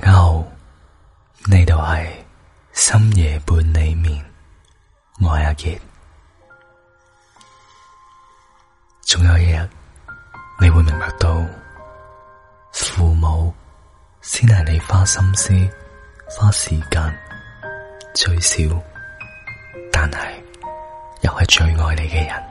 大家好，呢度係深夜伴你眠，我係阿杰。總有一日你會明白到，父母先係你花心思、花時間最少，但係又係最愛你嘅人。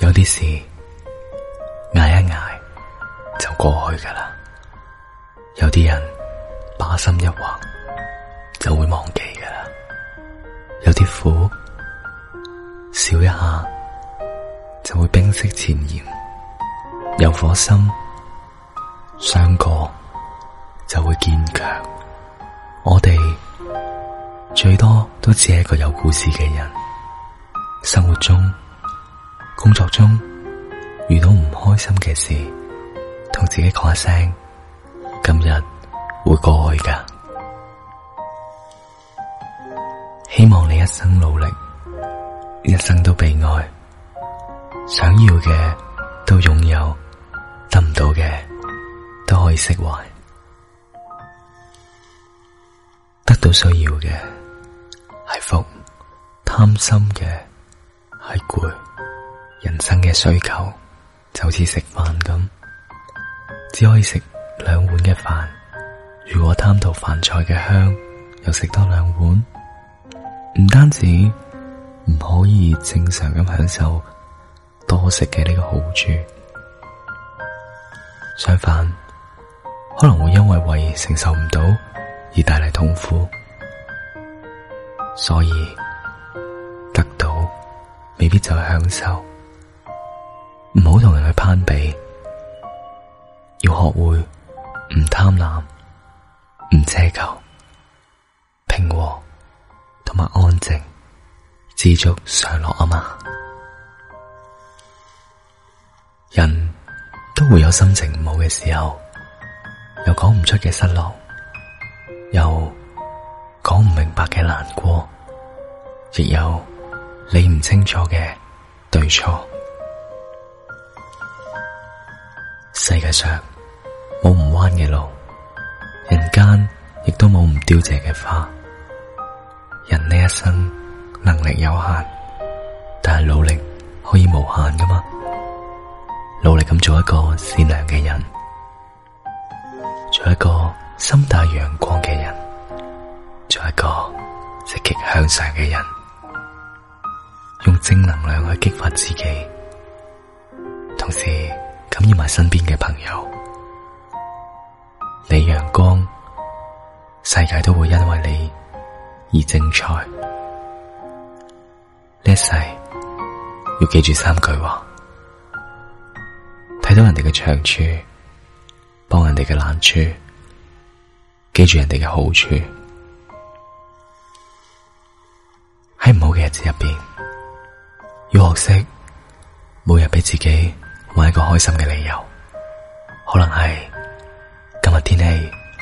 有啲事捱一捱。過去噶啦，有啲人把心一橫就會忘記噶啦，有啲苦笑一下就會冰釋前嫌，有火心傷過就會堅強。我哋最多都只係一個有故事嘅人，生活中、工作中遇到唔開心嘅事，同自己講一聲，今日會過去噶。希望你一生努力，一生都被愛，想要嘅都擁有，得唔到嘅都可以釋懷。得到需要嘅係福，貪心嘅係攰。人生嘅需求就好似食飯咁。只可以食兩碗嘅飯，如果貪圖飯菜嘅香，又食多兩碗，唔單止唔可以正常咁享受多食嘅呢個好處，相反可能會因為胃而承受唔到而帶嚟痛苦，所以得到未必就係享受，唔好同人去攀比。要學會唔貪婪、唔奢求、平和同埋安靜，知足常樂啊嘛！人都會有心情唔好嘅時候，有講唔出嘅失落，有講唔明白嘅難過，亦有理唔清楚嘅對錯。世界上，冇唔彎嘅路，人間亦都冇唔凋謝嘅花。人呢一生能力有限，但係努力可以無限㗎嘛？努力咁做一個善良嘅人，做一個心態陽光嘅人，做一個積極向上嘅人，用正能量去激發自己，同時感染埋身邊嘅朋友。光世界都會因為你而精彩。呢一世要記住三句話：睇到人哋嘅長處，幫人哋嘅難處，記住人哋嘅好處。喺唔好嘅日子入邊，要學識每日俾自己揾一個開心嘅理由，可能係今日天,天氣。